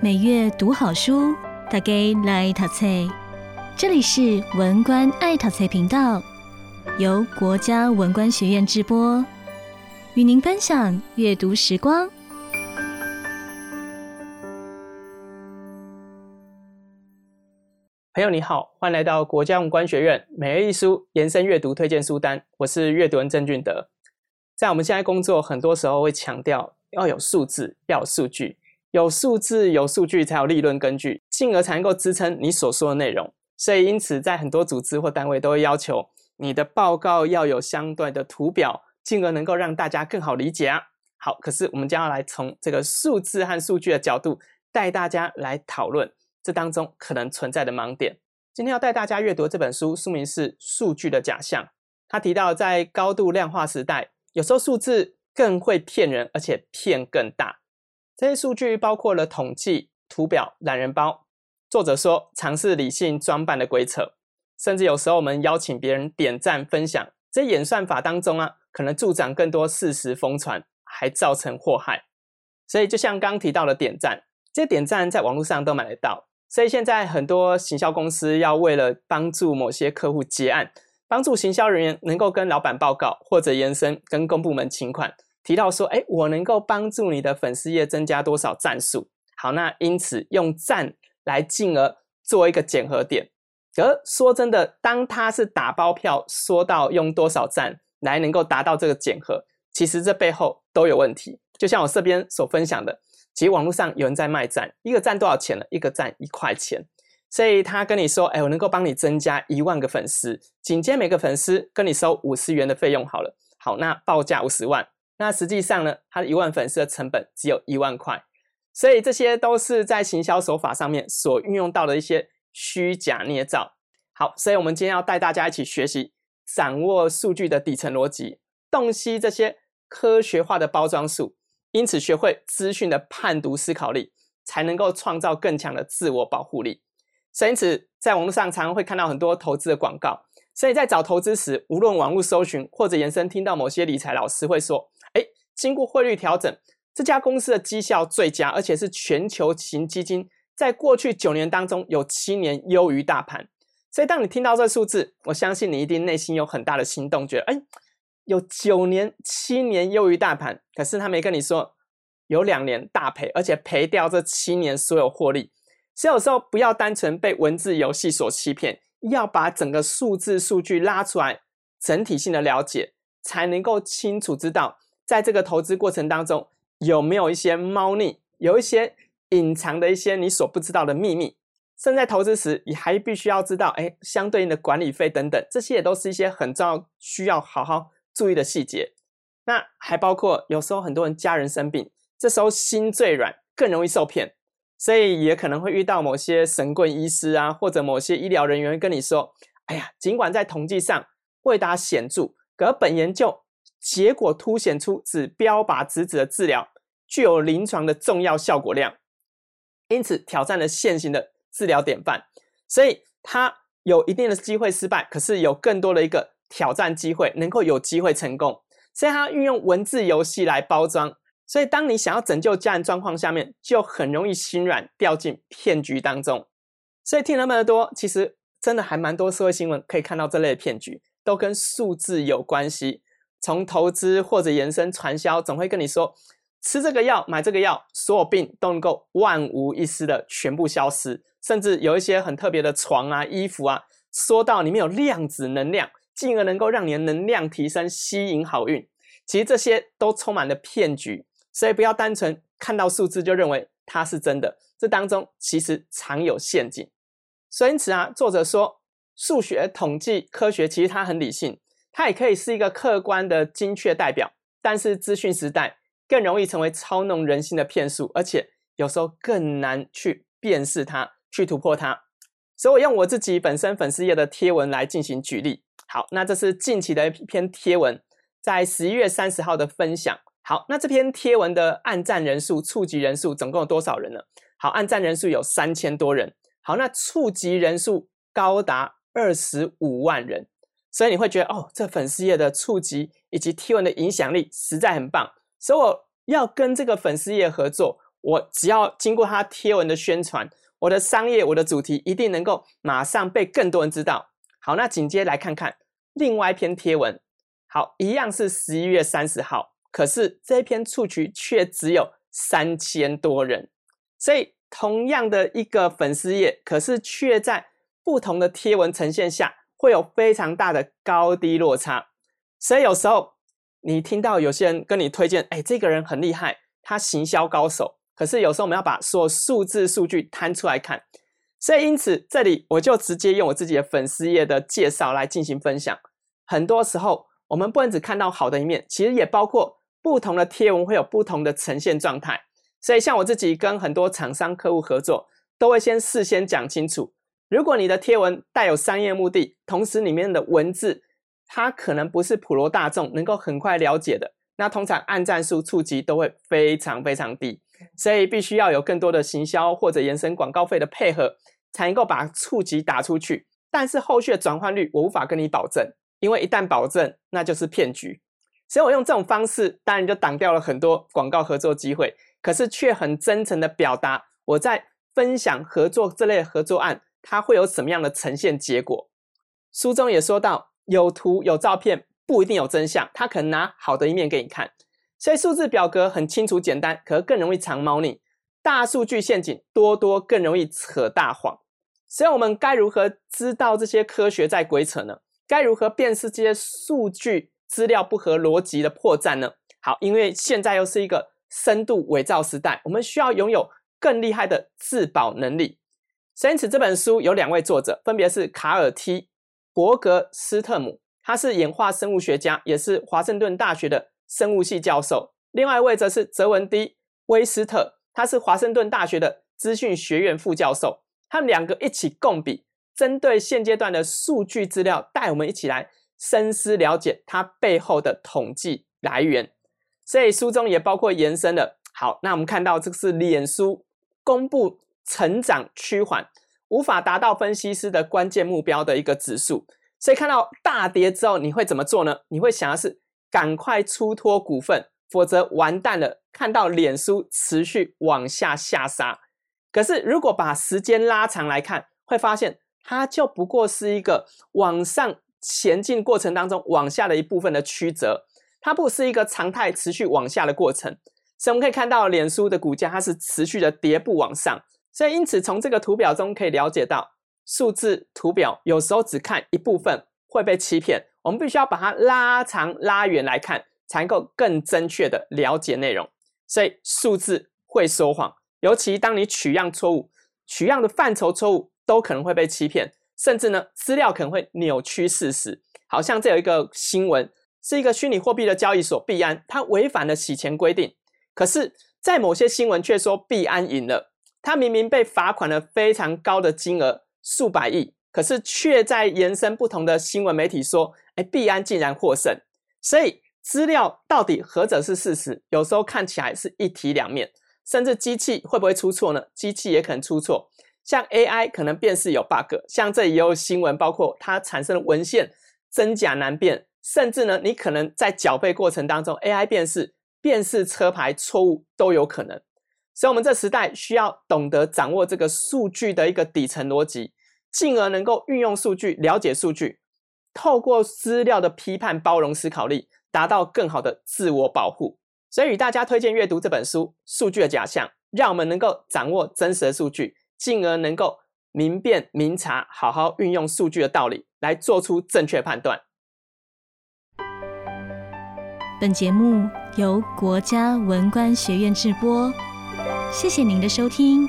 每月讀好書，大家來陶菜。這裡是文官愛他菜頻道，由國家文官學院直播，與您分享閱讀時光。朋友你好，歡迎來到國家文官學院每日一書延伸閱讀推薦書單。我是閱讀人鄭俊德，在我們現在工作，很多時候會強調要有數字，要有數據。有數字、有數據，才有理論根據，進而才能夠支撐你所說的內容。所以，因此，在很多組織或單位都會要求你的報告要有相對的圖表，進而能夠讓大家更好理解啊。好，可是我們將要來從這個數字和數據的角度，帶大家來討論這當中可能存在的盲點。今天要帶大家閱讀這本書，書名是《數據的假象》。他提到，在高度量化時代，有時候數字更會騙人，而且騙更大。這些數據包括了統計、圖表、懶人包。作者說，嘗試理性裝扮的鬼扯。甚至有時候我們邀請別人點讚分享，這些演算法當中啊，可能助長更多事實瘋傳，還造成禍害。所以就像剛提到的點讚，這些點讚在網絡上都買得到。所以現在很多行銷公司要為了幫助某些客戶結案，幫助行銷人員能夠跟老闆報告，或者延伸跟公部門請款。提到說，哎，我能夠幫助你的粉絲頁增加多少讚數？好，那因此用讚來進而做一個檢核點。而說真的，當他是打包票說到用多少讚來能夠達到這個檢核，其實這背後都有問題。就像我這邊所分享的，其實網絡上有人在賣讚，一個讚多少錢呢？一個讚一塊錢。所以他跟你說，哎，我能夠幫你增加一萬個粉絲，緊接每個粉絲跟你收五十元的費用。好了，好，那報價五十萬。那實際上呢，他的一萬粉絲的成本只有一萬塊，所以這些都是在行銷手法上面所運用到的一些虛假捏造。好，所以我們今天要帶大家一起學習，掌握數據的底層邏輯，洞悉這些科學化的包裝術，因此學會資訊的判讀思考力，才能夠創造更強的自我保護力。所以，因此在網絡上常常會看到很多投資的廣告，所以在找投資時，無論網絡搜尋或者延伸聽到某些理財老師會說。經過匯率調整，這家公司的績效最佳，而且是全球型基金，在過去九年當中有七年優於大盤。所以，當你聽到這數字，我相信你一定內心有很大的心動，覺得誒，有九年七年優於大盤。可是他沒跟你說有兩年大賠，而且賠掉這七年所有獲利。所以有時候不要單純被文字遊戲所欺騙，要把整個數字數據拉出來，整體性的了解，才能夠清楚知道。在這個投資過程當中，有沒有一些貓膩，有一些隱藏的一些你所不知道的秘密？甚至在投資時，你還必須要知道，誒，相對應的管理費等等，這些也都是一些很重要、需要好好注意的細節。那還包括有時候很多人家人生病，這時候心最軟，更容易受騙，所以也可能會遇到某些神棍醫師啊，或者某些醫療人員會跟你說：“哎呀，儘管在統計上未達顯著，可本研究。”結果凸顯出指標靶值指的治療具有臨床的重要效果量，因此挑戰了現行的治療典範，所以他有一定的機會失敗，可是有更多的一個挑戰機會能夠有機會成功。所以他運用文字遊戲來包裝，所以當你想要拯救家人狀況下面，就很容易心軟掉進騙局當中。所以聽了那麼多，其實真的還蠻多社會新聞可以看到這類的騙局都跟數字有關係。從投資或者延伸傳銷，總會跟你說吃這個藥、買這個藥，所有病都能夠萬無一失的全部消失。甚至有一些很特別的床啊、衣服啊，說到裡面有量子能量，進而能夠讓你的能量提升、吸引好運。其實這些都充滿了騙局，所以不要單純看到數字就認為它是真的，這當中其實常有陷阱。所以因此啊，作者說數學、統計、科學其實它很理性。它也可以是一個客觀的精確代表，但是資訊時代更容易成為操弄人心的騙術，而且有時候更難去辨識它，去突破它。所以，我用我自己本身粉絲頁的貼文來進行舉例。好，那這是近期的一篇貼文，在十一月三十號的分享。好，那這篇貼文的按讚人數、觸及人數總共有多少人呢？好，按讚人數有三千多人。好，那觸及人數高達二十五萬人。所以你會覺得哦，這粉絲頁的觸及以及貼文的影響力實在很棒。所以我要跟這個粉絲頁合作，我只要經過他貼文的宣傳，我的商業、我的主題一定能夠馬上被更多人知道。好，那緊接來看看另外一篇貼文。好，一樣是十一月三十號，可是這一篇觸及卻只有三千多人。所以同樣的一個粉絲頁，可是卻在不同的貼文呈現下。會有非常大的高低落差，所以有時候你聽到有些人跟你推薦，誒，哎，這個人很厲害，他行銷高手。可是有時候我們要把所有數字數據攤出來看，所以因此這裡我就直接用我自己的粉絲頁的介紹來進行分享。很多時候我們不能只看到好的一面，其實也包括不同的貼文會有不同的呈現狀態。所以像我自己跟很多廠商客戶合作，都會先事先講清楚。如果你的貼文帶有商業目的，同時裡面的文字它可能不是普羅大眾能夠很快了解的，那通常按讚數觸及都會非常非常低，所以必須要有更多的行銷或者延伸廣告費的配合，才能夠把觸及打出去。但是後續的轉換率我無法跟你保證，因為一旦保證那就是騙局。所以我用這種方式當然就擋掉了很多廣告合作機會，可是卻很真誠的表達我在分享合作這類合作案。他會有什麼樣的呈現結果？書中也說到，有圖有照片不一定有真相，他可能拿好的一面給你看。所以數字表格很清楚簡單，可更容易藏貓膩。大數據陷阱多多，更容易扯大謊。所以，我們該如何知道這些科學在鬼扯呢？該如何辨識這些數據資料不合邏輯的破綻呢？好，因為現在又是一個深度偽造時代，我們需要擁有更厲害的自保能力。因此，這本書有兩位作者，分別是卡爾 T. 伯格斯特姆，他是演化生物學家，也是華盛頓大學的生物系教授；另外一位則是澤文 D. 威斯特，他是華盛頓大學的資訊學院副教授。他們兩個一起共筆，針對現階段的數據資料，帶我們一起來深思了解它背後的統計來源。所以書中也包括延伸了：「好，那我們看到這個是臉書公布。成長趨緩，無法達到分析師的關鍵目標的一個指數，所以看到大跌之後，你會怎麼做呢？你會想的是趕快出脫股份，否則完蛋了。看到臉書持續往下下殺，可是如果把時間拉長來看，會發現它就不過是一個往上前進過程當中往下的一部分的曲折，它不是一個常態持續往下的過程。所以我們可以看到臉書的股價，它是持續的跌步往上。所以，因此從這個圖表中可以了解到，數字圖表有時候只看一部分會被欺騙。我們必須要把它拉長、拉遠來看，才能夠更正確的了解內容。所以，數字會說謊，尤其當你取樣錯誤、取樣的範疇錯誤，都可能會被欺騙，甚至呢，資料可能會扭曲事實。好像這有一個新聞，是一個虛擬貨幣的交易所幣安，它違反了洗錢規定，可是，在某些新聞卻說幣安贏了。他明明被罰款了非常高的金額，數百億，可是卻在延伸不同的新聞媒體說，哎，幣安竟然獲勝。所以資料到底何者是事實？有時候看起來是一體兩面，甚至機器會不會出錯呢？機器也可能出錯，像 AI 可能辨識有 bug，像這裡也有新聞，包括它產生的文獻真假難辨，甚至呢，你可能在繳費過程當中，AI 辨識辨識車牌錯誤都有可能。所以，我們這時代需要懂得掌握這個數據的一個底層邏輯，進而能夠運用數據、了解數據，透過資料的批判、包容思考力，達到更好的自我保護。所以，與大家推薦閱讀這本書《數據的假象》，讓我們能夠掌握真實的數據，進而能夠明辨、明察，好好運用數據的道理來做出正確判斷。本節目由國家文官學院製播。謝謝您的收聽。